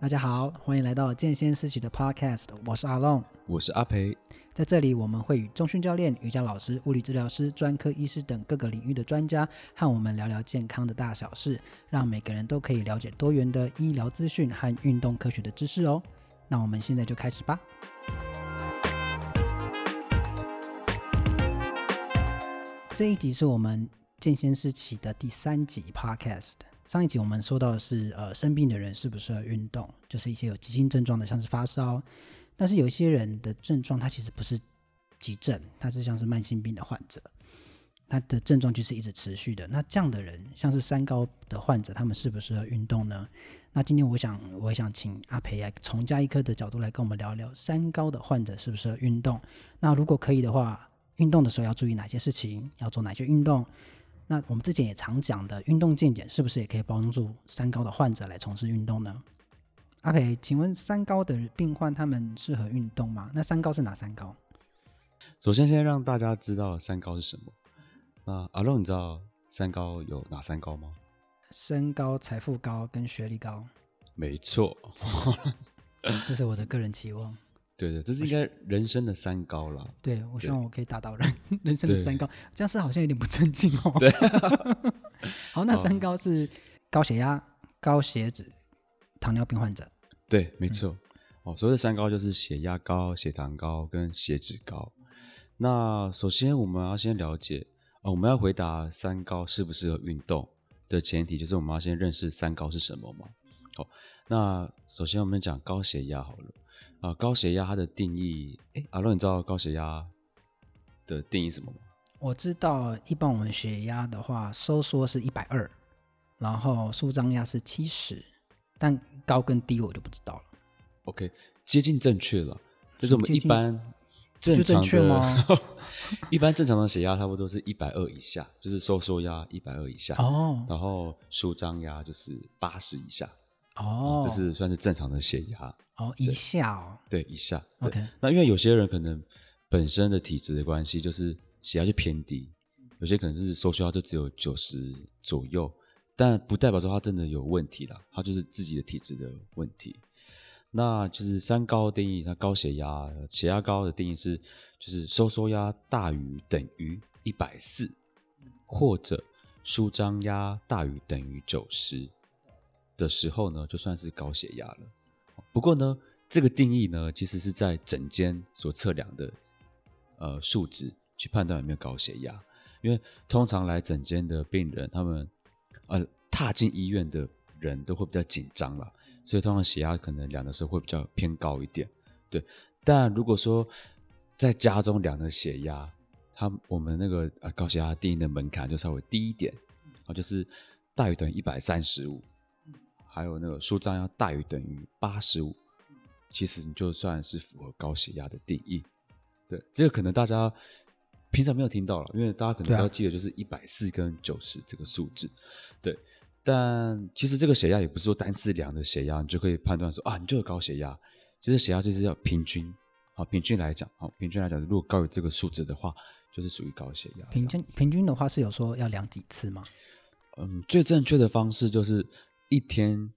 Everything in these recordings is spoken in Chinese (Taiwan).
大家好，歡迎來到《健先思齊》的 Podcast，我是阿龍，我是阿培。在這裡，我們會與重訓教練、瑜伽老師、物理治療師、專科醫師等各個領域的專家和我們聊聊健康的大小事，讓每個人都可以了解多元的醫療資訊和運動科學的知識哦。那我們現在就開始吧。這一集是我們《健先思齊》的第三集 Podcast。上一集我們說到的是呃，生病的人適不適合運動，就是一些有急性症狀的，像是發燒。但是有一些人的症狀他其實不是急症，他是像是慢性病的患者，他的症狀就是一直持續的。那這樣的人像是三高的患者，他們適不適合運動呢？那今天我想我想請阿培啊從家醫科的角度來跟我們聊聊三高的患者適不適合運動。那如果可以的話，運動的時候要注意哪些事情要做哪些運動。那我們之前也常講的運動健檢，是不是也可以幫助三高的患者來從事運動呢？阿培，請問三高的病患他們適合運動嗎？那三高是哪三高？首先，先讓大家知道三高是什麼。那阿洛，啊、你知道三高有哪三高嗎？身高、財富高跟學歷高。沒錯、 嗯，這是我的個人期望。對對，這是應該人生的三高了、啊。對，我希望我可以達到人對人生的三高，這樣是好像有點不正經哦。對， 好，那三高是高血壓、哦、高血脂、糖尿病患者。對，沒錯。嗯、哦，所謂的三高就是血壓高、血糖高跟血脂高。那首先我們要先了解、哦，我們要回答三高適不適合運動的前提，就是我們要先認識三高是什麼嘛。好、哦，那首先我們講高血壓好了。啊，高血壓它的定義，哎、欸，阿倫、啊，你知道高血壓的定義什麼嗎？我知道，一般我們血壓的話，收縮是一百二，然後舒張壓是七十，但高跟低我就不知道了。OK，接近正確了，就是我們一般正常的就正確嗎？ 一般正常的血壓差不多是一百二以下，就是收縮壓一百二以下，哦，然後舒張壓就是八十以下。哦、嗯，這是算是正常的血壓哦，對，一下哦，對，一下，OK。那因為有些人可能本身的體質的關係，就是血壓就偏低，有些可能是收縮壓就只有九十左右，但不代表說他真的有問題啦，他就是自己的體質的問題。那就是三高定義，它高血壓，血壓高的定義是就是收縮壓大於等於一百四，或者舒張壓大於等於九十。的時候呢，就算是高血壓了。不過呢，這個定義呢，其實是在診間所測量的呃數值去判斷有沒有高血壓。因為通常來診間的病人，他們呃踏進醫院的人都會比較緊張啦，所以通常血壓可能量的時候會比較偏高一點。對，但如果說在家中量的血壓，他我們那個呃高血壓定義的門檻就稍微低一點，嗯、啊，就是大於等於一百三十五。還有那個舒張要大於等於八十五，其實你就算是符合高血壓的定義。對，這個可能大家平常沒有聽到了，因為大家可能要記得就是一百四跟九十這個數字。對，啊、對，但其實這個血壓也不是說單次量的血壓，你就可以判斷說啊你就是高血壓。其實血壓就是要平均，啊平均來講，啊平均來講、啊，如果高於這個數值的話，就是屬於高血壓。平均平均的話是有說要量幾次嗎？嗯，最正確的方式就是。一天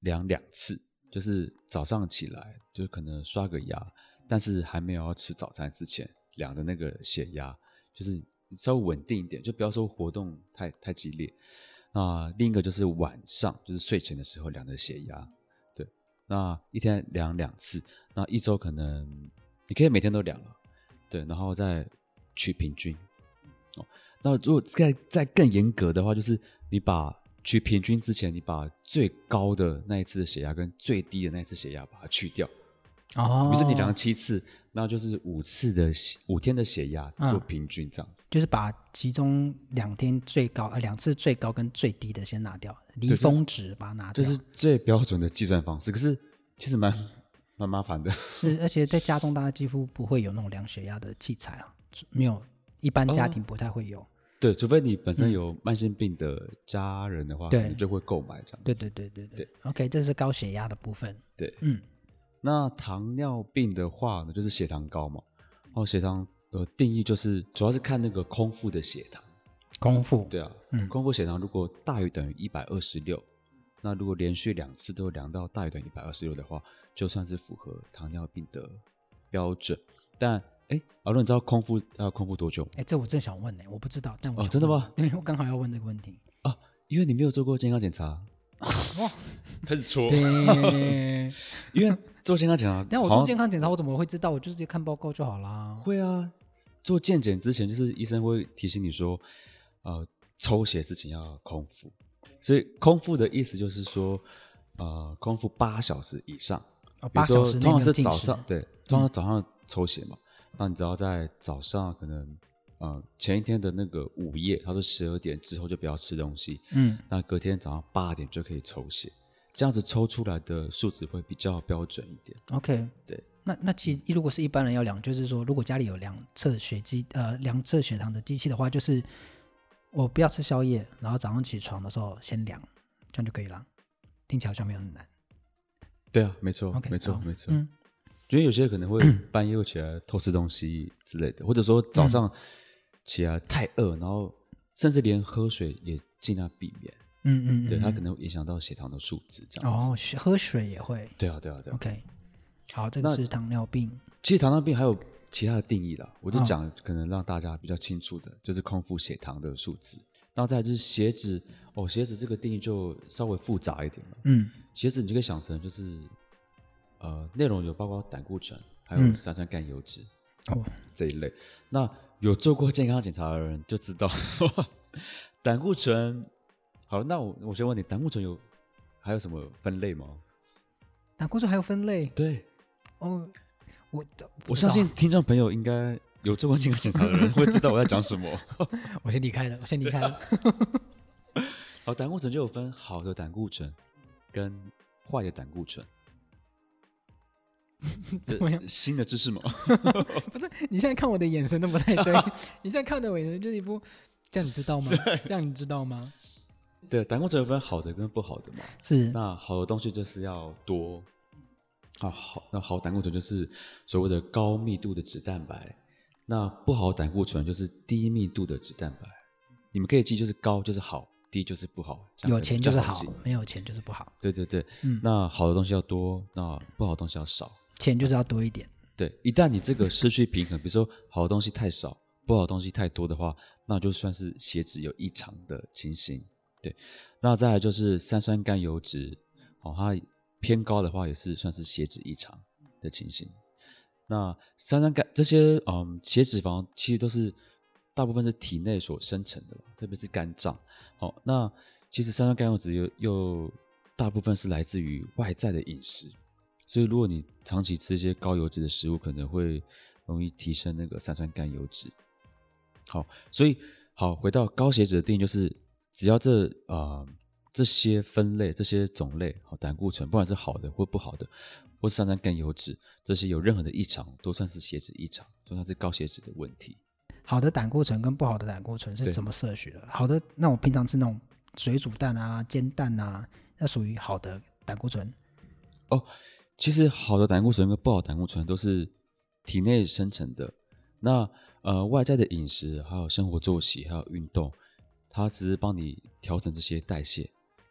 量兩次，就是早上起來，就可能刷個牙，但是還沒有要吃早餐之前量的那個血壓，就是稍微穩定一點，就不要說活動太太激烈。那另一個就是晚上，就是睡前的時候量的血壓，對。那一天量兩次，那一周可能你可以每天都量了，啊，對，然後再取平均。哦，那如果再再更嚴格的話，就是你把。取平均之前，你把最高的那一次的血壓跟最低的那一次血壓把它去掉。哦，比如說你量七次，那就是五次的五天的血壓做平均，這樣子、嗯。就是把其中兩天最高啊、呃，兩次最高跟最低的先拿掉，離峰值把它拿掉、就是，就是最標準的計算方式。可是其實蠻、嗯、蠻麻煩的。是，而且在家中，大家幾乎不會有那種量血壓的器材、啊、沒有，一般家庭不太會有。哦對，除非你本身有慢性病的家人的話，嗯、可能就會購買對這樣。對對對對對。對 OK，這是高血壓的部分。對，嗯。那糖尿病的話呢，就是血糖高嘛。然後，血糖的定義就是，主要是看那個空腹的血糖。空腹。對啊，嗯，空腹血糖如果大於等於一百二十六，那如果連續兩次都量到大於等於一百二十六的話，就算是符合糖尿病的標準，但。哎，老羅，啊、你知道空腹要空腹多久嗎？哎，這我正想問呢、欸，我不知道。但我哦，真的嗎？因為我剛好要問這個問題啊，因為你沒有做過健康檢查。哇，碰錯始對。 因為做健康檢查，那 像我做健康檢查，我怎麼會知道？我就直接看報告就好啦。會啊，做健檢之前，就是醫生會提醒你說，呃，抽血之前要空腹，所以空腹的意思就是說，呃，空腹八小時以上。啊，八小時。通常是早上，對，嗯、通常早上抽血嘛。那你只要在早上可能，呃，前一天的那個午夜，差不多十二點之後就不要吃東西，嗯，那隔天早上八點就可以抽血，這樣子抽出來的數值會比較標準一點。OK，對，那那其實如果是一般人要量，就是說如果家裡有量測血機，呃，量測血糖的機器的話，就是我不要吃宵夜，然後早上起床的時候先量，這樣就可以了。聽起來好像沒有很難。對啊，沒錯，沒錯，沒錯，覺得有些可能會半夜會起來偷吃東西之類的，嗯、或者說早上起來太餓，嗯、然後甚至連喝水也盡量避免。嗯嗯，嗯對，它可能會影響到血糖的數值，哦，這樣子。哦，喝水也會。對啊對啊對啊。OK，好，這個是糖尿病。其實糖尿病還有其他的定義啦，我就講可能讓大家比較清楚的，哦，就是空腹血糖的數值。然後再來就是血脂，哦，血脂這個定義就稍微複雜一點了。嗯，血脂你就可以想成就是。呃，內容有包括膽固醇，還有三酸甘油脂，嗯哦、這一類。那有做過健康檢查的人就知道，膽固醇。好，那我我先問你，膽固醇有還有什麼分類嗎？膽固醇還有分類？對，哦、oh，我我相信聽眾朋友應該有做過健康檢查的人會知道我在講什麼。 我先離開了，我先離開了。啊、 好，膽固醇就有分好的膽固醇跟壞的膽固醇。 樣新的知識嗎？ 不是，你現在看我的眼神都不太對。 你現在看的我的眼神就是一副，這樣你知道嗎？對這樣你知道嗎？對，膽固醇有分好的跟不好的嘛。是。那好的東西就是要多啊，好，那好膽固醇就是所謂的高密度的脂蛋白，那不好的膽固醇就是低密度的脂蛋白。你們可以記，就是高就是好，低就是不好。有錢就是好，沒有錢就是不好。對對對，嗯、那好的東西要多，那不好的東西要少。錢就是要多一點。對，一旦你這個失去平衡，比如說好的東西太少，不好的東西太多的話，那就算是血脂有異常的情形。對，那再來就是三酸甘油脂，哦，它偏高的話也是算是血脂異常的情形。那三酸甘，這些嗯，血脂肪其實都是大部分是體內所生成的，特別是肝臟。好、哦，那其實三酸甘油脂又又大部分是來自於外在的飲食。所以，如果你長期吃一些高油脂的食物，可能會容易提升那個三酸甘油脂。好，所以好，回到高血脂的定義，就是只要這呃這些分類、這些種類，好，膽固醇不管是好的或不好的，或是三酸甘油脂，這些有任何的異常，都算是血脂異常，都算是高血脂的問題。好的膽固醇跟不好的膽固醇是怎麼攝取的？對好的，那我平常吃那種水煮蛋啊、煎蛋啊，那屬於好的膽固醇哦。其實好的膽固醇跟不好膽固醇都是體內生成的，那呃外在的飲食還有生活作息還有運動，它只是幫你調整這些代謝，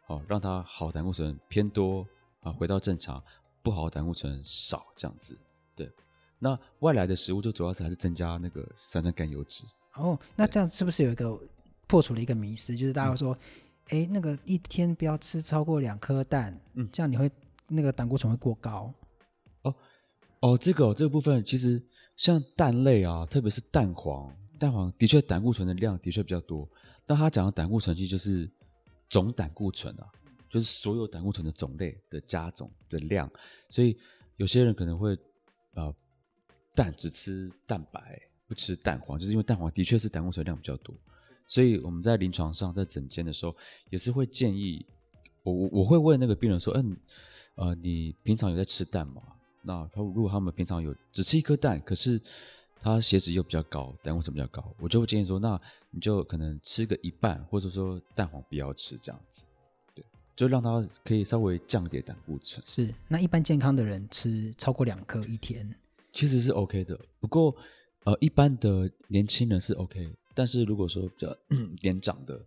好、哦、讓它好膽固醇偏多啊回到正常，不好膽固醇少這樣子。對，那外來的食物就主要是還是增加那個三酸甘油脂。哦，那這樣是不是有一個對破除了一個迷思，就是大家說，哎、嗯欸、那個一天不要吃超過兩顆蛋，嗯，這樣你會。那個膽固醇會過高，哦哦，這個、哦、這個部分其實像蛋類啊，特別是蛋黃，蛋黃的確膽固醇的量的確比較多。那他講的膽固醇，其實就是總膽固醇啊，就是所有膽固醇的種類的加總的量。所以有些人可能會啊、呃、蛋只吃蛋白不吃蛋黃，就是因為蛋黃的確是膽固醇的量比較多。所以我們在臨床上在診間的時候也是會建議我我我會問那個病人說，嗯、欸。呃，你平常有在吃蛋嗎？那他如果他們平常有只吃一顆蛋，可是他血脂又比較高，膽固醇比較高，我就會建議說，那你就可能吃個一半，或者說蛋黃不要吃這樣子，對，就讓他可以稍微降一點膽固醇。是，那一般健康的人吃超過兩顆一天其實是 OK 的，不過呃，一般的年輕人是 OK，但是如果說比較年長的，嗯，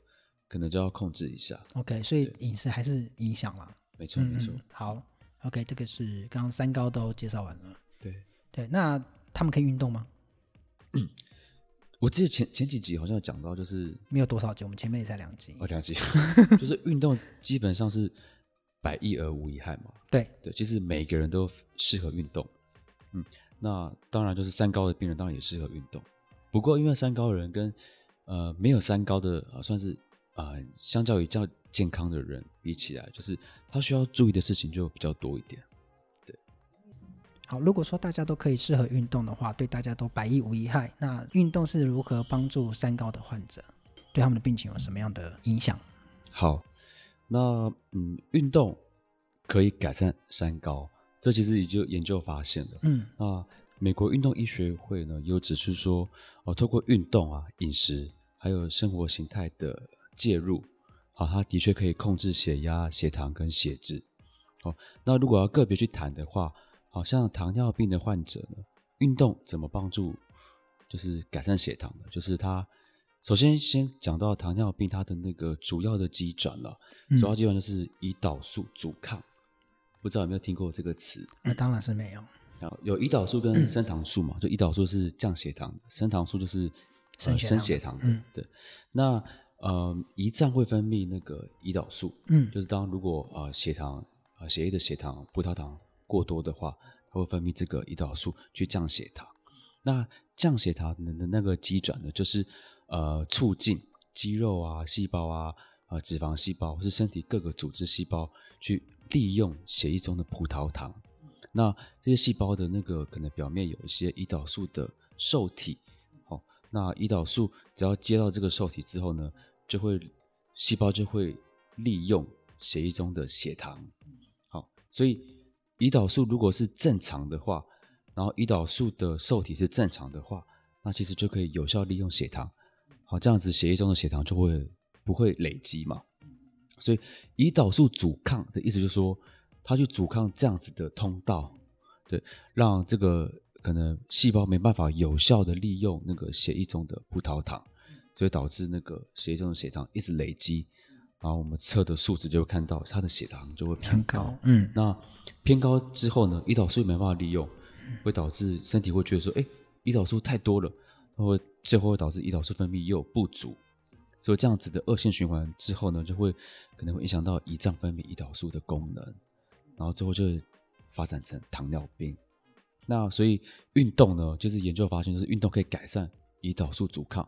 可能就要控制一下。OK，所以飲食還是影響了、啊。沒錯，嗯嗯沒錯。好，OK，這個是剛剛三高都介紹完了。對對，那他們可以運動嗎？嗯，我記得前前幾集好像有講到，就是沒有多少集，我們前面也才兩集。哦，兩集， 就是運動基本上是百益而無一害嘛。對對，其實每個人都適合運動。嗯，那當然就是三高的病人當然也適合運動，不過因為三高的人跟呃沒有三高的，呃，算是呃相較於較。健康的人比起來，就是他需要注意的事情就比較多一點。對，好，如果說大家都可以適合運動的話，對，大家都百益無一害。那運動是如何幫助三高的患者？對他們的病情有什麼樣的影響？好，那嗯，運動可以改善三高，這其實已經研究發現的。嗯，那美國運動醫學會呢，有指出說，哦，透過運動啊、飲食還有生活形態的介入。好，他、啊、的確可以控制血壓、血糖跟血脂。好、哦，那如果要個別去談的話，好、啊、像糖尿病的患者呢，運動怎麼幫助就是改善血糖的？就是他首先先講到糖尿病，它的那個主要的機轉了，嗯、主要機轉就是胰島素阻抗。不知道有沒有聽過這個詞？那、嗯啊、當然是沒有。啊、有胰島素跟升糖素嘛？嗯、就胰島素是降血糖的，升糖素就是升、呃、血糖。血糖的。對。嗯、那呃，胰臟會分泌那個胰島素，嗯，就是當如果呃血糖，呃血液的血糖葡萄糖過多的話，它會分泌這個胰島素去降血糖。嗯、那降血糖的那個機轉呢，就是呃促進肌肉啊、細胞啊、呃脂肪細胞或是身體各個組織細胞去利用血液中的葡萄糖。嗯、那這些細胞的那個可能表面有一些胰島素的受體，好、哦，那胰島素只要接到這個受體之後呢，就會細胞就會利用血液中的血糖，好，所以胰島素如果是正常的話，然後胰島素的受體是正常的話，那其實就可以有效利用血糖，好，這樣子血液中的血糖就會不會累積嘛。所以胰島素阻抗的意思就是說，它去阻抗這樣子的通道，對，讓這個可能細胞沒辦法有效的利用那個血液中的葡萄糖。就會導致那個血液中的血糖一直累積，然後我們測的數值就會看到它的血糖就會偏高。偏高，嗯，那偏高之後呢，胰島素也沒辦法利用，會導致身體會覺得說：“哎，胰島素太多了。”，然後最後會導致胰島素分泌，又有不足，所以這樣子的惡性循環之後呢，就會可能會影響到胰臟分泌胰島素的功能，然後最後就會發展成糖尿病。那所以運動呢，就是研究發現，就是運動可以改善胰島素阻抗。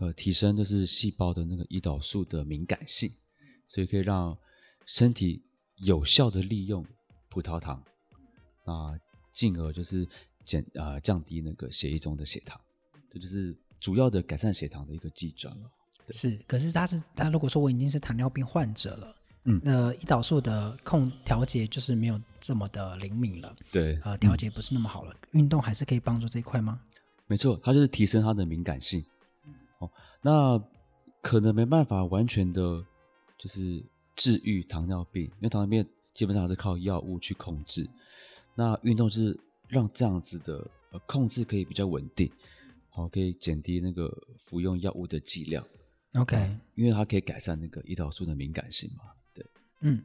呃，提升就是細胞的那個胰島素的敏感性，所以可以讓身體有效的利用葡萄糖，啊，進而就是減呃，降低那個血液中的血糖，這就，就是主要的改善血糖的一個機制了。是，可是他是他如果說我已經是糖尿病患者了，嗯，那、呃、胰島素的控調節就是沒有這麼的靈敏了，對，呃，調節不是那麼好了。嗯、運動還是可以幫助這一塊嗎？沒錯，它就是提升它的敏感性。哦、那可能沒辦法完全的，就是治癒糖尿病，因為糖尿病基本上是靠藥物去控制。那運動是讓這樣子的、呃、控制可以比較穩定，好、哦，可以減低那個服用藥物的劑量。OK，嗯、因為它可以改善那個胰島素的敏感性嘛。對，嗯，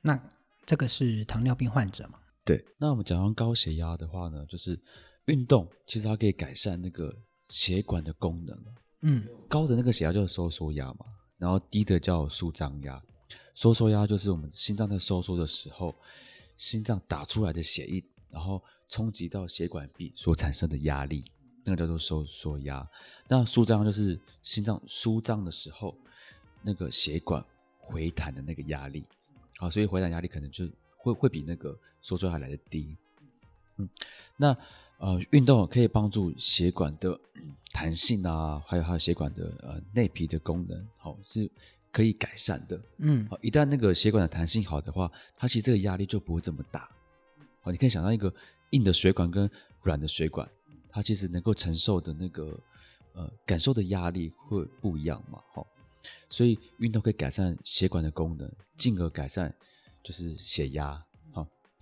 那這個是糖尿病患者嘛？對，那我們講到高血壓的話呢，就是運動其實它可以改善那個。血管的功能了，嗯，高的那個血壓叫收縮壓嘛，然後低的叫舒張壓。收縮壓就是我們心臟在收縮的時候，心臟打出來的血液，然後衝擊到血管壁所產生的壓力，那個叫做收縮壓。那舒張就是心臟舒張的時候，那個血管回彈的那個壓力，啊。所以回彈壓力可能就會會比那個收縮還來得低。嗯，那。呃，運動可以幫助血管的彈性啊，還有它的血管的呃內皮的功能，好、哦、是可以改善的。嗯，好、哦，一旦那個血管的彈性好的話，它其實這個壓力就不會這麼大。好、哦，你可以想到一個硬的血管跟軟的血管，它其實能夠承受的那個呃感受的壓力會不一樣嘛。好、哦，所以運動可以改善血管的功能，進而改善就是血壓。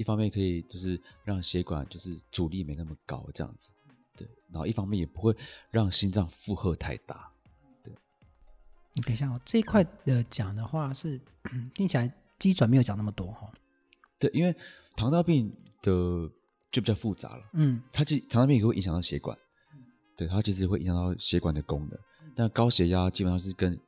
一方面可以就是讓血管就是阻力沒那麼高這樣子，對，然後一方面也不會讓心臟負荷太大，對。你等一下哦，這一塊的講的話是聽起來基準沒有講那麼多哈、哦。對，因為糖尿病的就比較複雜了，嗯，它其實糖尿病也會影響到血管，對，它其實會影響到血管的功能。嗯、但高血壓基本上是跟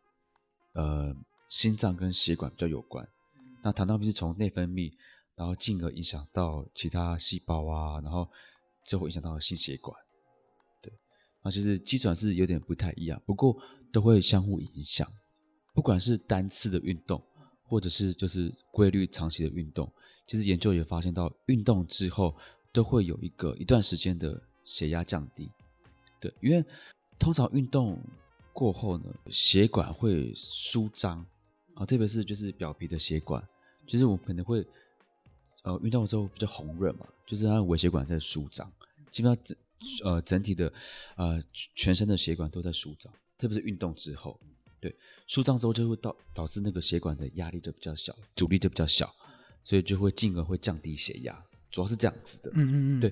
呃心臟跟血管比較有關，嗯、那糖尿病是從內分泌。然後進而影響到其他細胞啊，然後就會影響到心血管，對。那、啊、其實機轉是有點不太一樣，不過都會相互影響。不管是單次的運動，或者是就是規律長期的運動，其實研究也發現到，運動之後都會有一個一段時間的血壓降低。對，因為通常運動過後呢，血管會舒張啊，特別是就是表皮的血管，就是我們可能會。呃，運動之後比較紅潤嘛，就是它的微血管在舒張，基本上整、呃整體的呃全身的血管都在舒張，特別是運動之後，對，舒張之後就會導、導致那個血管的壓力就比較小，阻力就比較小，所以就會進而會降低血壓，主要是這樣子的。嗯嗯嗯，對。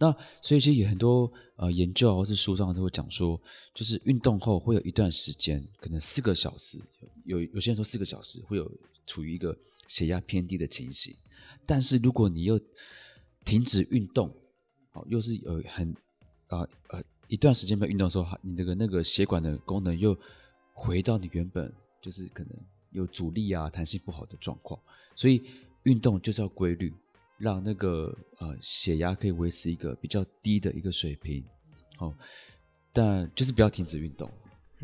那所以其實有很多呃研究啊或是書上都會講說，就是運動後會有一段時間，可能四個小時，有有些人說四個小時會有處於一個血壓偏低的情形。但是如果你又停止運動，好、哦，又是有、呃、很呃啊、呃、一段時間沒運動的時候，你那個那個血管的功能又回到你原本就是可能有阻力啊、彈性不好的狀況，所以運動就是要規律，讓那個呃血壓可以維持一個比較低的一個水平，哦，但就是不要停止運動。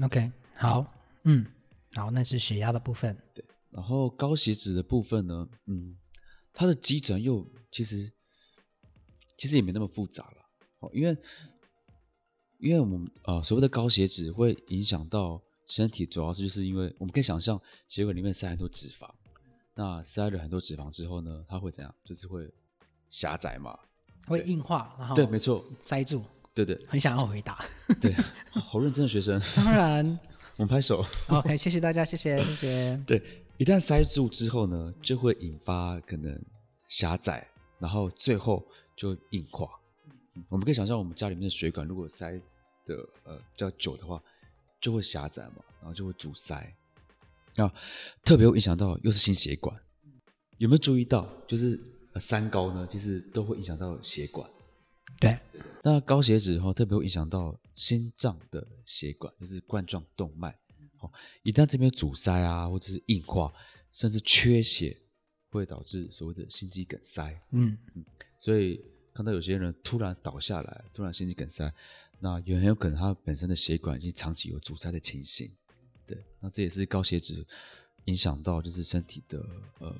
OK，好，嗯，然後那是血壓的部分，對，然後高血脂的部分呢，嗯。它的機轉又其實其實也沒那麼複雜了，哦，因為因為我們啊、呃、所謂的高血脂會影響到身體，主要是就是因為我們可以想象血管裡面塞很多脂肪，那塞了很多脂肪之後呢，它會怎樣？就是會狹窄嘛？會硬化，然後對，沒錯，塞住，對，對對，很想要回答，對， 好認真的學生，當然， 我們拍手，OK，謝謝大家，謝謝 謝謝，謝謝對。一旦塞住之後呢，就會引發可能狹窄，然後最後就會硬化。嗯、我們可以想象，我們家裡面的水管如果塞的呃比較久的話，就會狹窄嘛，然後就會阻塞。那特別會影響到，又是心血管。有沒有注意到，就是、呃、三高呢？其實都會影響到血管。嗯、對，對，對。那高血脂的話，特別會影響到心臟的血管，就是冠狀動脈。一旦這邊阻塞啊，或者是硬化，甚至缺血，會導致所謂的心肌梗塞。嗯嗯，所以看到有些人突然倒下來，突然心肌梗塞，那也很有可能他本身的血管已經長期有阻塞的情形。對，那這也是高血脂影響到就是身體的呃，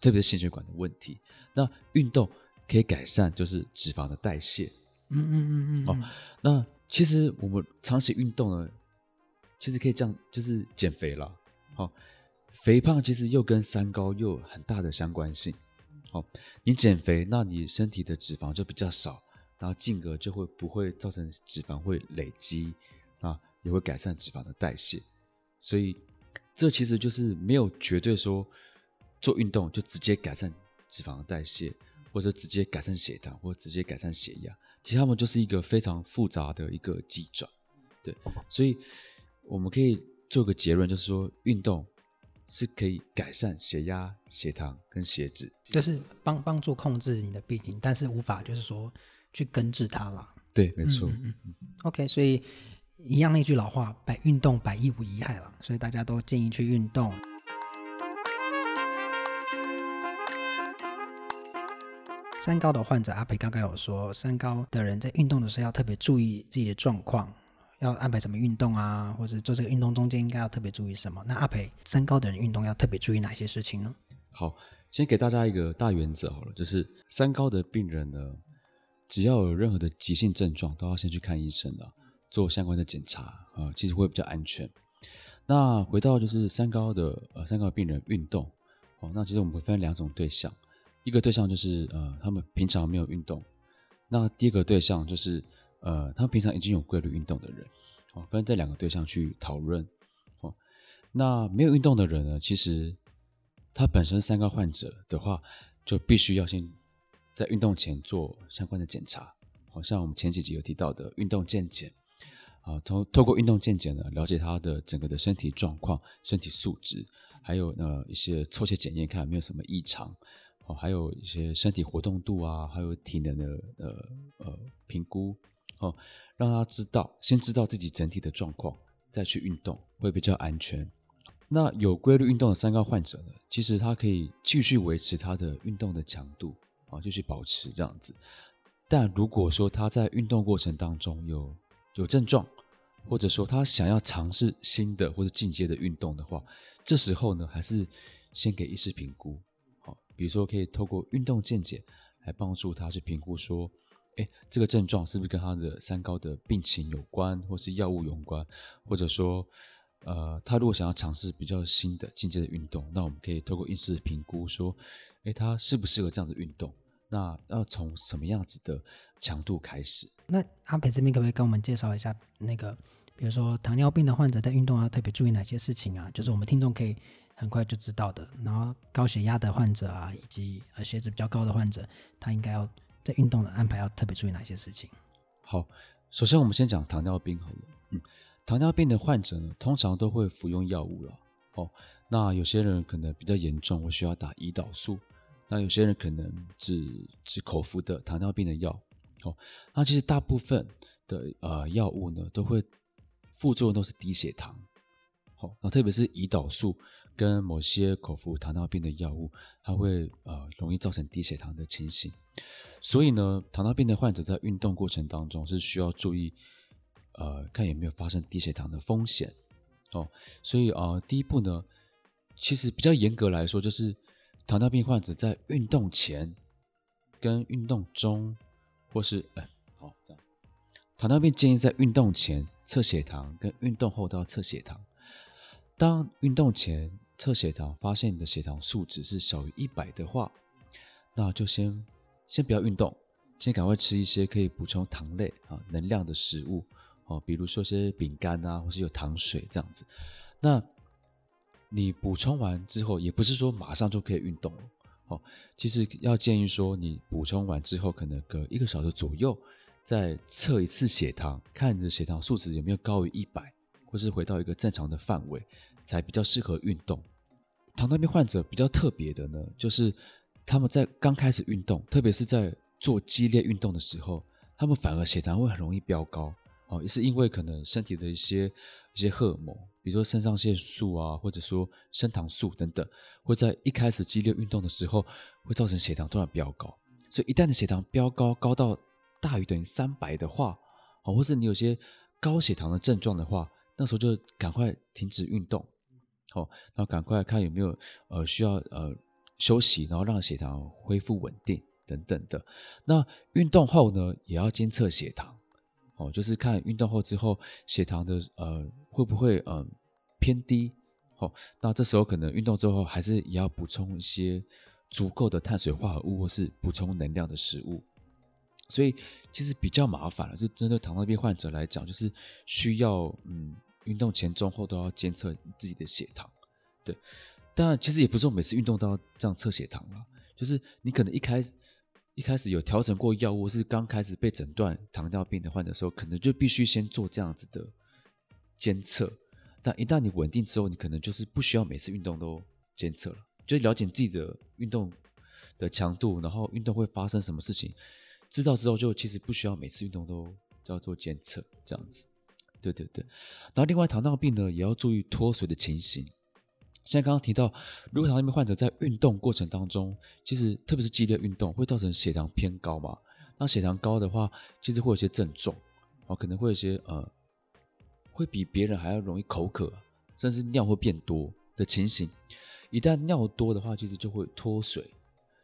特別是心血管的問題。那運動可以改善就是脂肪的代謝。嗯、嗯嗯嗯嗯。哦，那其實我們長期運動呢，其實可以這樣，就是減肥了。好、哦，肥胖其實又跟三高又有很大的相關性。好、哦，你減肥，那你身體的脂肪就比較少，然後進而就會不會造成脂肪會累積，啊，也會改善脂肪的代謝。所以，這其實就是沒有絕對說做運動就直接改善脂肪的代謝，或者直接改善血糖，或直接改善血壓。其實他們就是一個非常複雜的一個機轉。對，所以。我們可以做個結論，就是說運動是可以改善血壓、血糖跟血脂，就是幫幫助控制你的病情，但是無法就是說去根治它了。對，沒錯。嗯嗯、OK，所以一樣那句老話，百運動百益無一害了，所以大家都建議去運動。三高的患者阿培剛剛有說，三高的人在運動的時候要特別注意自己的狀況。要安排什麼運動啊，或者做這個運動中間應該要特別注意什麼？那阿培三高的人運動要特別注意哪些事情呢？好，先給大家一個大原則好了，就是三高的病人呢，只要有任何的急性症狀，都要先去看醫生啊，做相關的檢查啊，呃，其實會比較安全。那回到就是三高的呃三高的病人運動哦，那其實我們會分兩種對象，一個對象就是呃他們平常沒有運動，那第二個對象就是。呃，他們平常已經有規律運動的人，哦，跟這兩個對象去討論，哦，那沒有運動的人呢，其實他本身三高患者的話，就必須要先在運動前做相關的檢查，好、哦、像我們前幾集有提到的運動健檢，啊、呃，通透，透過運動健檢呢，了解他的整個的身體狀況、身體素質，還有呢一些抽血檢驗看有沒有什麼異常，哦，還有一些身體活動度啊，還有體能的呃呃評估。哦，讓他知道先知道自己整體的狀況，再去運動會比較安全。那有規律運動的三高患者呢，其實他可以繼續維持他的運動的強度啊，繼續保持這樣子。但如果說他在運動過程當中有有症狀，或者說他想要嘗試新的或者進階的運動的話，這時候呢，還是先給醫師評估。好，比如說可以透過運動健檢來幫助他去評估說。哎，這個症狀是不是跟他的三高的病情有關，或是藥物有關，或者說，呃，他如果想要嘗試比較新的進階的運動，那我們可以透過醫師評估說，哎，他適不適合這樣的運動？那要從什麼樣子的強度開始？那阿培這邊可不可以跟我們介紹一下那個，比如說糖尿病的患者在運動要特別注意哪些事情啊？就是我們聽眾可以很快就知道的。然後高血壓的患者啊，以及呃血脂比較高的患者，他應該要。在運動的安排要特別注意哪些事情？好，首先我們先講糖尿病好了。嗯，糖尿病的患者呢，通常都會服用藥物了。哦，那有些人可能比較嚴重，我需要打胰島素；那有些人可能只吃口服的糖尿病的藥。哦，那其實大部分的呃藥物呢，都會副作用都是低血糖。好，哦，那特別是胰島素跟某些口服糖尿病的藥物，它會呃容易造成低血糖的情形。所以呢，糖尿病的患者在運動過程當中是需要注意，呃，看有沒有發生低血糖的風險哦。所以啊、呃，第一步呢，其實比較嚴格來說，就是糖尿病患者在運動前、跟運動中，或是呃、欸，好這樣，糖尿病建議在運動前測血糖，跟運動後都要測血糖。當運動前測血糖發現你的血糖數值是小於一百的話，那就先。先不要運動，先趕快吃一些可以補充糖類啊、能量的食物哦，比如說些餅乾啊，或是有糖水這樣子。那你補充完之後，也不是說馬上就可以運動哦。其實要建議說，你補充完之後，可能隔一個小時左右，再測一次血糖，看你的血糖數值有沒有高於一百，或是回到一個正常的範圍，才比較適合運動。糖尿病患者比較特別的呢，就是。他們在剛開始運動，特別是在做激烈運動的時候，他們反而血糖會很容易飆高哦，也是因為可能身體的一些一些荷爾蒙，比如說腎上腺素啊，或者說升糖素等等，會在一開始激烈運動的時候會造成血糖突然飆高。所以一旦的血糖飆高，高到大於等於三百的話、哦，或是你有些高血糖的症狀的話，那時候就趕快停止運動，好、哦，然後趕快看有沒有呃需要呃。休息，然後讓血糖恢復穩定等等的。那運動後呢，也要監測血糖，哦，就是看運動後之後血糖的呃會不會呃偏低。哦，那這時候可能運動之後還是也要補充一些足夠的碳水化合物，或是補充能量的食物。所以其實比較麻煩了，就針對糖尿病患者來講，就是需要嗯運動前、中、後都要監測自己的血糖，對。但其實也不是我每次運動都要這樣測血糖啦，就是你可能一開始一開始有調整過藥物，是剛開始被診斷糖尿病的患者的時候，可能就必須先做這樣子的監測。但一旦你穩定之後，你可能就是不需要每次運動都監測了，就了解自己的運動的強度，然後運動會發生什麼事情，知道之後就其實不需要每次運動都要做監測這樣子。對對對，然後另外糖尿病呢，也要注意脫水的情形。現在剛剛提到，如果糖尿病患者在運動過程當中，其實特別是激烈運動會造成血糖偏高嘛？那血糖高的話，其實會有些症狀，啊，可能會有些呃，會比別人還要容易口渴，甚至尿會變多的情形。一旦尿多的話，其實就會脫水。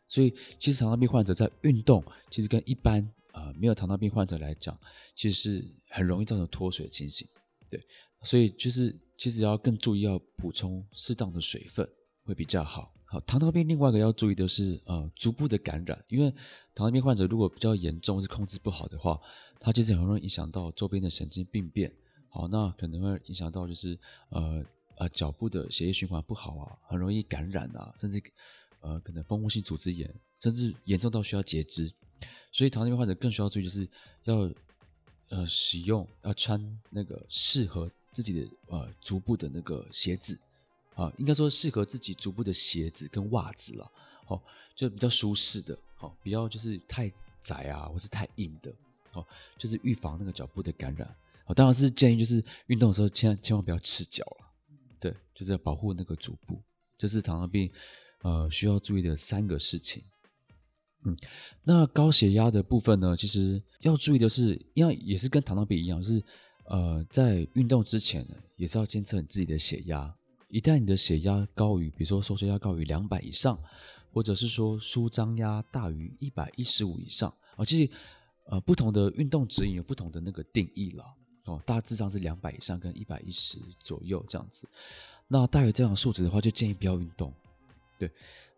所以，其實糖尿病患者在運動，其實跟一般啊、呃、沒有糖尿病患者來講，其實是很容易造成脫水的情形。對，所以就是。其實要更注意，要補充適當的水分會比較好。好，糖尿病另外一個要注意的是，呃，足部的感染，因為糖尿病患者如果比較嚴重或是控制不好的話，它其實很容易影響到周邊的神經病變。好，那可能會影響到就是呃呃腳部的血液循環不好啊，很容易感染啊，甚至呃可能蜂窩性組織炎，甚至嚴重到需要截肢。所以糖尿病患者更需要注意的是要呃使用要穿那個適合。自己的呃足部的那個鞋子啊，呃，應該說適合自己足部的鞋子跟襪子了。好、哦，就比較舒適的。好、哦，比較就是太窄啊，或是太硬的。好、哦，就是預防那個腳部的感染。好、哦，當然是建議就是運動的時候千千萬不要赤腳了、啊，對，就是要保護那個足部。這是糖尿病呃需要注意的三個事情。嗯，那高血壓的部分呢，其實要注意的是，因為也是跟糖尿病一樣、就是。呃，在運動之前呢也是要監測你自己的血壓。一旦你的血壓高於，比如說收縮壓高於兩百以上，或者是說舒張壓大於一百一十五以上，啊、哦，其實呃不同的運動指引有不同的那個定義了哦，大致上是兩百以上跟一百一十左右這樣子。那大於這樣數值的話，就建議不要運動。對，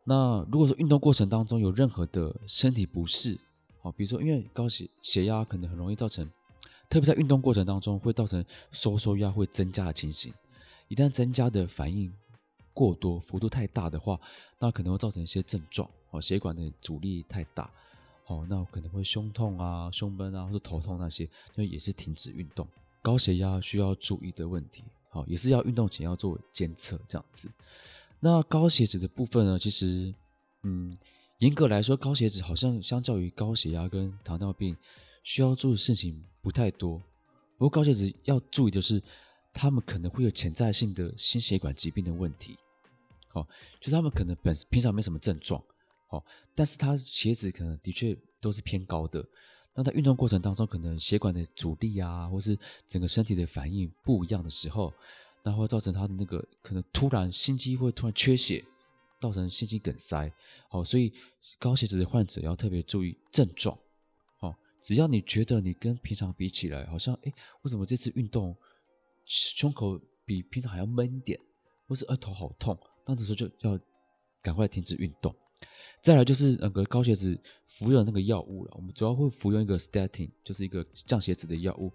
那如果說運動過程當中有任何的身體不適，好、哦，比如說因為高血血壓可能很容易造成。特別在運動過程當中，會造成收縮壓會增加的情形。一旦增加的反應過多、幅度太大的話，那可能會造成一些症狀哦，血管的阻力太大哦，那可能會胸痛啊、胸悶啊，或是頭痛那些，那也是停止運動。高血壓需要注意的問題，好，也是要運動前要做監測這樣子。那高血脂的部分呢，其實，嗯，嚴格來說，高血脂好像相較於高血壓跟糖尿病，需要做的事情，不太多，不過高血脂要注意的是，他們可能會有潛在性的心血管疾病的問題。哦，就是他們可能本身平常沒什麼症狀，哦，但是他血脂可能的確都是偏高的。那在運動過程當中，可能血管的阻力啊，或是整個身體的反應不一樣的時候，那會造成他的那個可能突然心肌會突然缺血，造成心肌梗塞。哦，所以高血脂的患者要特別注意症狀。只要你覺得你跟平常比起來，好像哎，為什麼這次運動胸口比平常還要悶一點，或是額頭好痛，那這時候就要趕快停止運動。再來就是那個高血脂服用那個藥物了，我們主要會服用一個 statin，就是一個降血脂的藥物，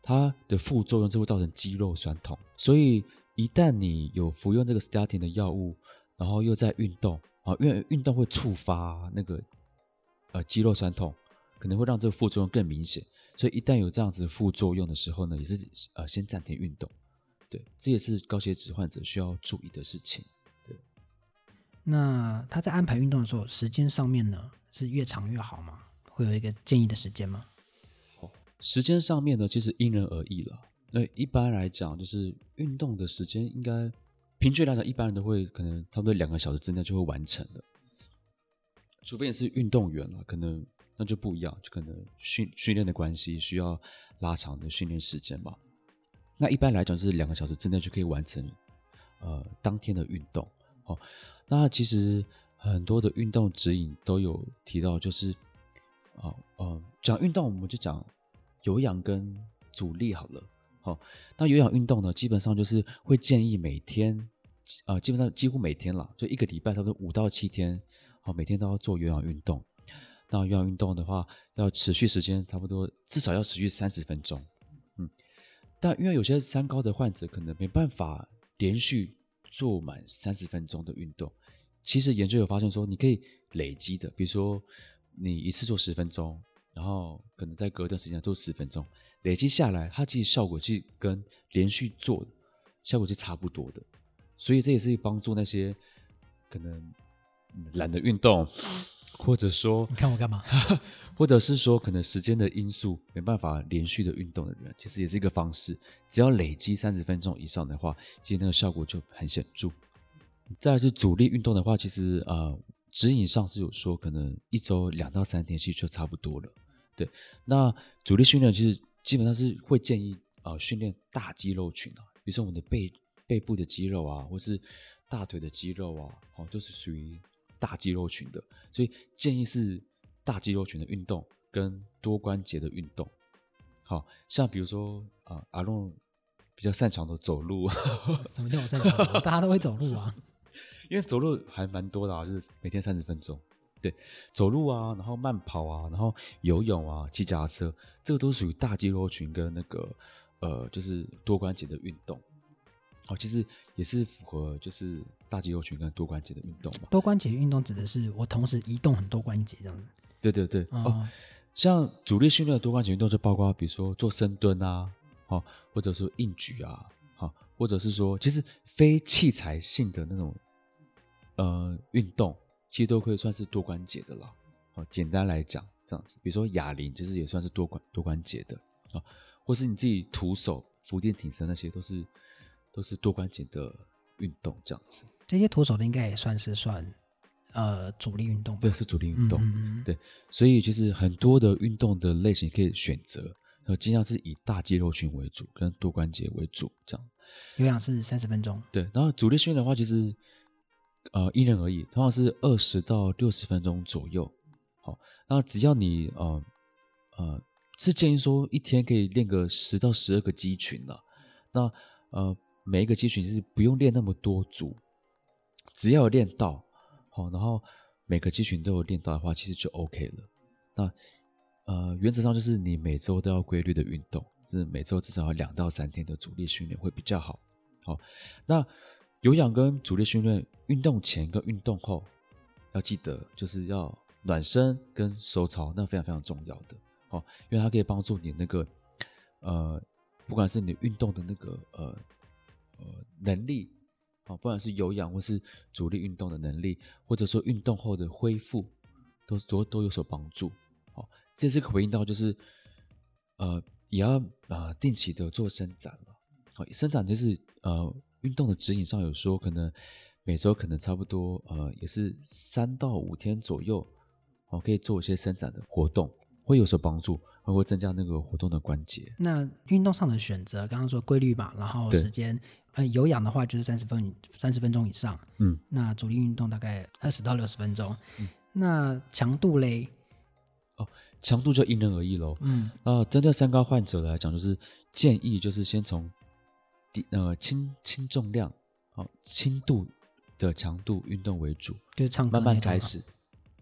它的副作用就會造成肌肉酸痛。所以一旦你有服用這個 statin 的藥物，然後又在運動啊，因為運動會觸發那個呃肌肉酸痛。可能會讓這個副作用更明顯，所以一旦有這樣子副作用的時候呢，也是呃先暫停運動。對，這也是高血脂患者需要注意的事情。對。那他在安排運動的時候，時間上面呢是越長越好嗎？會有一個建議的時間嗎？哦，時間上面呢，其實因人而異了。對，一般來講，就是運動的時間應該，平均來講，一般人都會可能差不多兩個小時之內就會完成了，除非你是運動員了，可能。那就不一樣，就可能訓訓練的關係需要拉長的訓練時間嘛。那一般來講是兩個小時之內就可以完成，呃，當天的運動。哦，那其實很多的運動指引都有提到，就是，呃、哦，呃，講運動我們就講有氧跟阻力好了。好、哦，那有氧運動呢，基本上就是會建議每天，呃，基本上幾乎每天啦，就一個禮拜差不多五到七天，哦，每天都要做有氧運動。那要運動的話，要持續時間差不多，至少要持續三十分鐘，嗯。但因為有些三高的患者可能沒辦法連續做滿三十分鐘的運動，其實研究有發現說，你可以累積的，比如說你一次做十分鐘，然後可能在隔段時間做十分鐘，累積下來，它其實效果是跟連續做的效果是差不多的。所以這也是幫助那些可能懶得運動。或者說，看我幹嘛？或者是說，可能時間的因素沒辦法連續的運動的人，其實也是一個方式。只要累積三十分鐘以上的話，其實那個效果就很顯著。再來是阻力運動的話，其實呃，指引上是有說，可能一周兩到三天去就差不多了。對，那阻力訓練其實基本上是會建議啊、呃、訓練大肌肉群啊，比如說我們的背背部的肌肉啊，或是大腿的肌肉啊，哦，都、就是屬於。大肌肉群的，所以建議是大肌肉群的運動跟多關節的運動，好，像比如說啊、呃，阿龍比較擅長的走路，什麼叫我擅長的？ 大家都會走路啊，因為走路還蠻多的啊，就是每天三十分鐘，對，走路啊，然後慢跑啊，然後游泳啊，騎腳踏車，這個都屬於大肌肉群跟那個呃，就是多關節的運動。哦，其實也是符合，就是大肌肉群跟多關節的運動嘛。多關節的運動指的是我同時移動很多關節這樣子。對對對，嗯、哦，像阻力訓練的多關節運動就包括，比如說做深蹲啊，或者說硬舉啊，或者是說其實非器材性的那種呃運動，其實都可以算是多關節的啦。簡單來講這樣子，比如說啞鈴，其實也算是多關多關節的啊，或是你自己徒手伏地挺身的那些都是。都是多關節的運動這樣子，這些徒手的應該也算是算，呃，主力運動。對，是主力運動。嗯嗯嗯，對，所以就是很多的運動的類型可以選擇，呃，盡量是以大肌肉群為主，跟多關節為主這樣。有氧是三十分鐘，對。然後主力訓練的話其實，就是呃因人而異，通常是二十到六十分鐘左右。好，那只要你呃呃是建議說一天可以練個十到十二個肌群的、啊，那呃。每一個肌群是不用練那麼多組，只要練到好，然後每個肌群都有練到的話，其實就 OK 了。那呃，原則上就是你每週都要規律的運動，就是每週至少有兩到三天的阻力訓練會比較好。好，那有氧跟阻力訓練，運動前跟運動後要記得就是要暖身跟收操，那非常非常重要的。好，因為它可以幫助你那個呃，不管是你運動的那個呃。呃，能力啊，不管是有氧或是阻力運動的能力，或者說運動後的恢復，都都都有所幫助。哦，這次回應到就是，呃，也要啊、呃、定期的做伸展了。啊，伸展就是呃運動的指引上有說，可能每周可能差不多呃也是三到五天左右，好、呃、可以做一些伸展的活動，會有所幫助。包括增加那個活動的關節。那運動上的選擇，剛剛說規律嘛，然後時間，對呃，有氧的話就是三十分鐘，三十分鐘以上。嗯。那阻力運動大概二十到六十分鐘。嗯、那強度嘞？哦，強度就因人而異嘍。嗯。那、呃、針對三高患者來講，就是建議就是先從低，呃，輕輕重量，哦，輕度的強度運動為主，就是對，慢慢開始。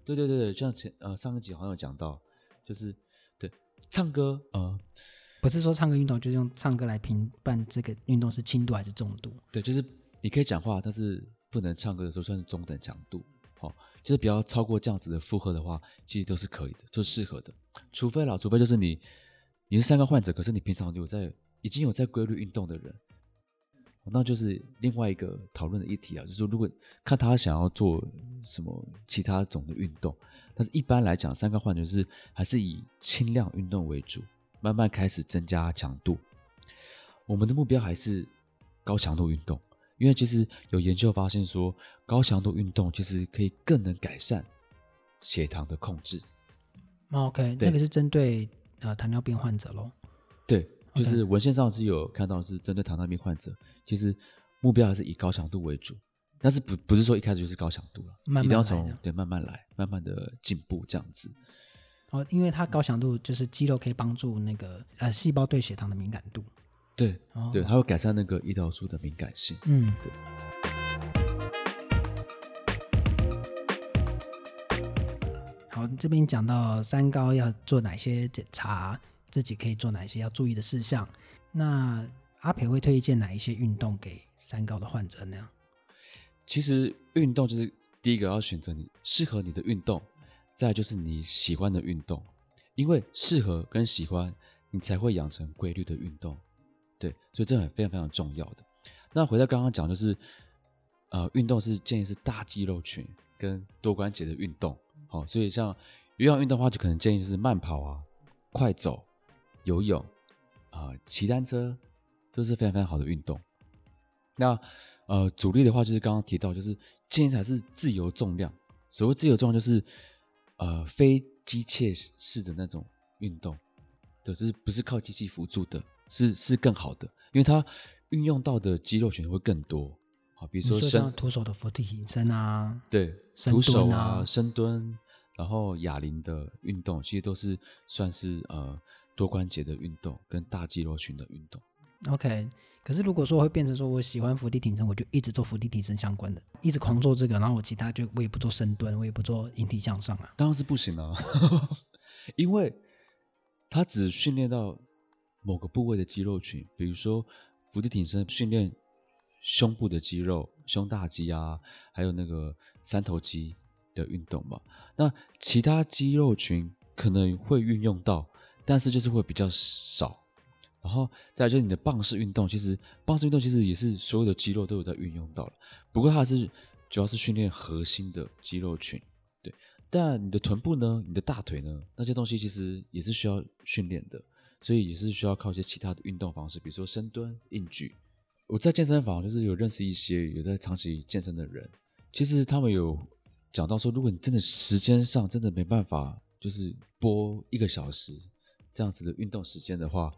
對對對對，就像前呃上個集好像有講到，就是。唱歌，呃、嗯，不是說唱歌運動，就是用唱歌來評判這個運動是輕度還是重度。對，就是你可以講話，但是不能唱歌的時候算是中等強度。哦，就是不要超過這樣子的負荷的話，其實都是可以的，都適合的。除非啦，除非就是你你是三高患者，可是你平常你有在已經有在規律運動的人，那就是另外一個討論的議題啊，就是如果看他想要做什麼其他種的運動。但是，一般來講，三高患者是還是以輕量運動為主，慢慢開始增加強度。我們的目標還是高強度運動，因為其實有研究發現說，高強度運動其實可以更能改善血糖的控制。那 OK，對那個是針對呃糖尿病患者咯，對，就是文獻上是有看到是針對糖尿病患者，其實目標還是以高強度為主。但是不不是說一開始就是高強度了，要從對，慢慢來，慢慢的進步這樣子。哦，因為它高強度就是肌肉可以幫助那個呃細胞對血糖的敏感度，對對，它會改善那個胰島素的敏感性。嗯，對。好，這邊講到三高要做哪些檢查，自己可以做哪些要注意的事項，那阿培會推薦哪一些運動給三高的患者呢？其實運動就是第一個要選擇你適合你的運動，再來就是你喜歡的運動，因為適合跟喜歡，你才會養成規律的運動，對，所以這很非常非常重要的。那回到剛剛講，就是呃，運動是建議是大肌肉群跟多關節的運動，好、哦，所以像有氧運動的話，就可能建議是慢跑啊、快走、游泳啊、呃、騎單車，都是非常非常好的運動。那。呃，阻力的話，就是剛剛提到，就是健身才是自由重量。所謂自由重量，就是呃非機械式的那種運動，對，就是不是靠機器輔助的，是是更好的，因為它運用到的肌肉群會更多。好、啊，比如說，說像徒手的伏地挺身啊，對，深蹲啊、徒手啊，深蹲，然後啞鈴的運動，其實都是算是呃多關節的運動跟大肌肉群的運動。OK。可是如果說會變成說，我喜歡伏地挺身，我就一直做伏地挺身相關的，一直狂做這個，然後我其他就我也不做深蹲，我也不做引體向上啊，當然是不行了啊， 因為它只訓練到某個部位的肌肉群，比如說伏地挺身訓練胸部的肌肉，胸大肌啊，還有那個三頭肌的運動嘛，那其他肌肉群可能會運用到，但是就是會比較少。然後再來就是你的棒式運動，其實棒式運動其實也是所有的肌肉都有在運用到了，不過它是主要是訓練核心的肌肉群，對。但你的臀部呢，你的大腿呢，那些東西其實也是需要訓練的，所以也是需要靠一些其他的運動方式，比如說深蹲、硬舉。我在健身房就是有認識一些有在長期健身的人，其實他們有講到說，如果你真的時間上真的沒辦法，就是撥一個小時這樣子的運動時間的話。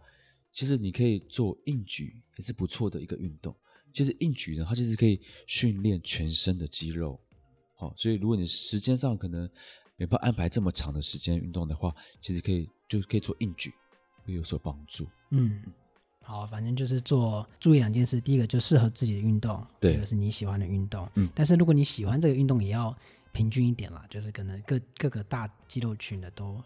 其實你可以做硬舉，也是不錯的一個運動。其實硬舉呢，它就是可以訓練全身的肌肉。好，哦，所以如果你時間上可能沒辦法安排這麼長的時間運動的話，其實可以就可以做硬舉，會有所幫助。嗯，好，反正就是做注意兩件事：第一個就適合自己的運動，對就是你喜歡的運動。嗯，但是如果你喜歡這個運動，也要平均一點啦，就是可能各各個大肌肉群的都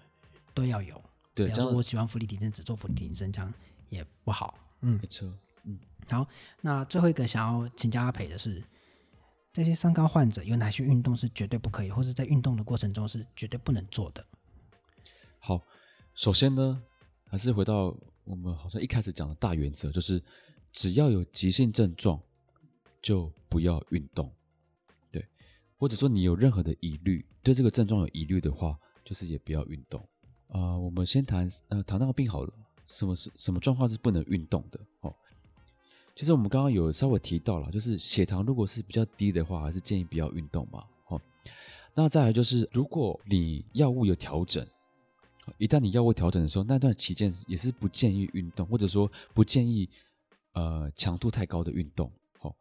都要有。對，比如說我喜歡伏地挺身，只做伏地挺身這樣。也不好，嗯，沒錯，嗯，好，那最後一個想要請教阿培的是，這些三高患者有哪些運動是絕對不可以，或者在運動的過程中是絕對不能做的？好，首先呢，還是回到我們好像一開始講的大原則，就是只要有急性症狀就不要運動，對，或者說你有任何的疑慮，對這個症狀有疑慮的話，就是也不要運動。啊、呃，我們先談呃糖尿病好了。什麼是什麼狀況是不能運動的、哦？其實我們剛剛有稍微提到了，就是血糖如果是比較低的話，還是建議不要運動嘛、哦。那再來就是如果你藥物有調整，一旦你藥物調整的時候，那段期間也是不建議運動，或者說不建議呃強度太高的運動。哦、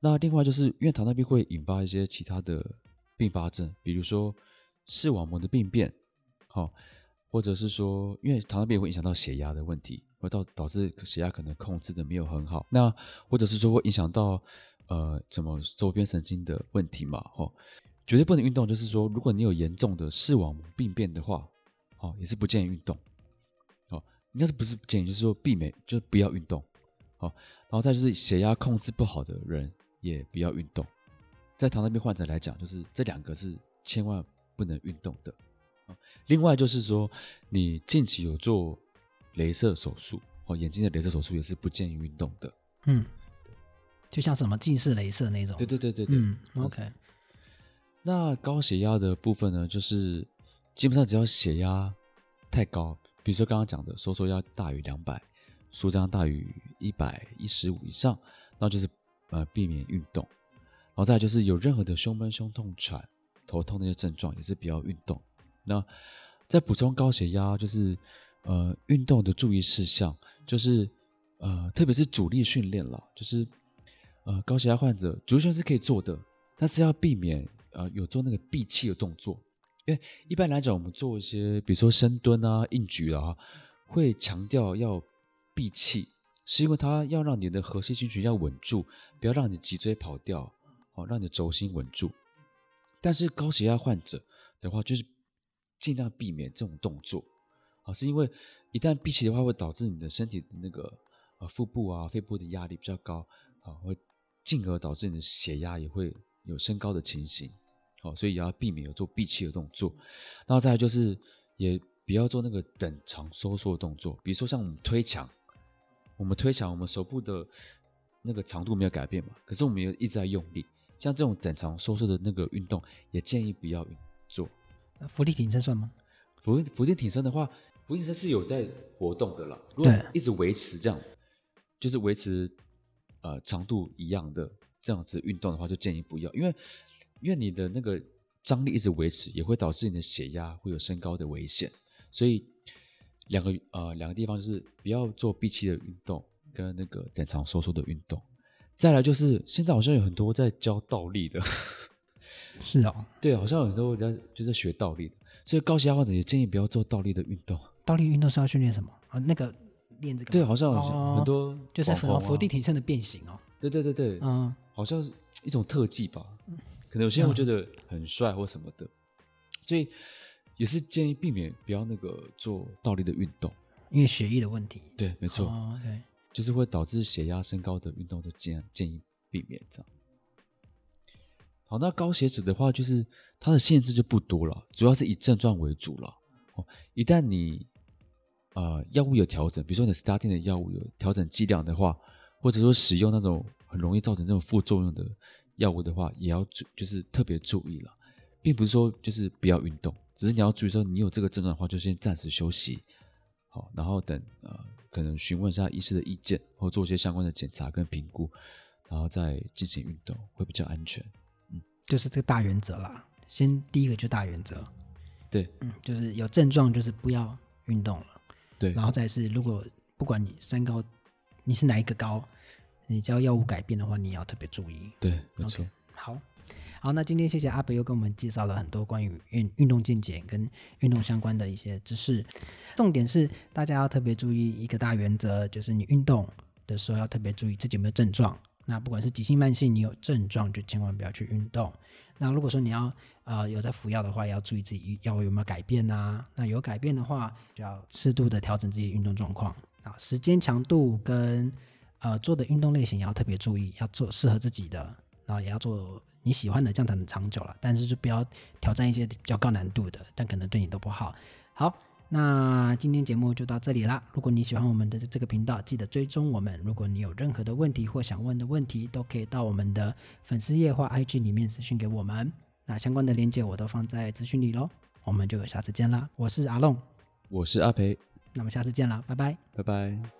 那另外就是因為糖尿病會引發一些其他的併發症，比如說視網膜的病變。哦或者是說，因為糖尿病會影響到血壓的問題，會導導致血壓可能控制的沒有很好。那或者是說，會影響到呃，怎麼周邊神經的問題嘛？吼、哦，絕對不能運動。就是說，如果你有嚴重的視網膜病變的話，哦，也是不建議運動。哦，應該不是不是不建議，就是說避免，就是、不要運動。哦，然後再就是血壓控制不好的人也不要運動。在糖尿病患者來講，就是這兩個是千萬不能運動的。另外就是說，你近期有做鐳射手術哦，眼睛的鐳射手術也是不建議運動的。嗯，對就像什麼近視鐳射那種。對,對對對對對。嗯，OK 那。那高血壓的部分呢，就是基本上只要血壓太高，比如說剛剛講的收縮壓大於兩百，舒張大於一百一十五以上，那就是呃避免運動。然後再就是有任何的胸悶、胸痛、喘、頭痛那些症狀，也是不要運動。那再補充高血壓就是，呃，運動的注意事項就是，呃，特別是阻力訓練了，就是，呃，高血壓患者阻力訓練是可以做的，但是要避免呃有做那個閉氣的動作，因為一般來講我們做一些，比如說深蹲啊、硬舉啊，會強調要閉氣，是因為它要讓你的核心肌群要穩住，不要讓你脊椎跑掉，好、哦、讓你的軸心穩住。但是高血壓患者的話，就是。盡量避免這種動作，啊，是因為一旦閉氣的話，會導致你的身體的那個呃腹部啊、肺部的壓力比較高，啊，會進而導致你的血壓也會有升高的情形，哦，所以也要避免有做閉氣的動作。然後再來就是，也不要做那個等長收縮的動作，比如說像我們推牆，我們推牆，我們手部的那個長度沒有改變嘛，可是我們又一直在用力，像這種等長收縮的那個運動，也建議不要運動伏地挺身算嗎？伏、伏地挺身的話，伏地挺身是有在活動的啦。如果一直維持這樣，對就是維持呃長度一樣的這樣子運動的話，就建議不要，因為因為你的那個張力一直維持，也會導致你的血壓會有升高的危險。所以兩個呃兩個地方就是不要做閉氣的運動跟那個等長收縮的運動。再來就是現在好像有很多在教倒立的呵呵。是啊、哦、對，好像很多人家就是學倒立的，所以高血壓患者也建議不要做倒立的運動。倒立運動是要訓練什麼啊？那個練這個？對，好像很多就是伏地挺身的變形哦。對對對對，嗯，好像一種特技吧，可能有些人會覺得很帥或什麼的，嗯、所以也是建議避免不要那個做倒立的運動，因為血液的問題。對，沒錯，哦、就是會導致血壓升高的運動都建建議避免這樣。好，那高血脂的話，就是它的限制就不多了，主要是以症狀為主了。哦，一旦你呃藥物有調整，比如說你的 statin 的藥物有調整劑量的話，或者說使用那種很容易造成這種副作用的藥物的話，也要注就是特別注意了，並不是說就是不要運動，只是你要注意說你有這個症狀的話，就先暫時休息，好，然後等呃可能詢問一下醫師的意見，或做一些相關的檢查跟評估，然後再進行運動會比較安全。就是這個大原則啦，先第一個就大原則，對，嗯，就是有症狀就是不要運動了，對，然後再是如果不管你三高，你是哪一個高，你只要藥物改變的話，你也要特別注意，對，okay, 沒錯。好，好，那今天謝謝阿培又給我們介紹了很多關於運運動健檢跟運動相關的一些知識，重點是大家要特別注意一個大原則，就是你運動的時候要特別注意自己有沒有症狀。那不管是急性、慢性，你有症狀就千萬不要去運動。那如果說你要呃有在服藥的話，也要注意自己藥有沒有改變吶、啊。那有改變的話，就要適度的調整自己的運動狀況啊。那時間、強度跟呃做的運動類型也要特別注意，要做適合自己的，然後也要做你喜歡的，這樣才能長久了。但是就不要挑戰一些比較高難度的，但可能對你都不好。好。那今天節目就到這裡啦！如果你喜歡我們的這個頻道，記得追蹤我們。如果你有任何的問題或想問的問題，都可以到我們的粉絲頁或 IG 裡面私訊給我們。那相關的鏈接我都放在資訊裡嘍。我們就下次見了，我是阿龍，我是阿培，那麼下次見了，拜拜，拜拜。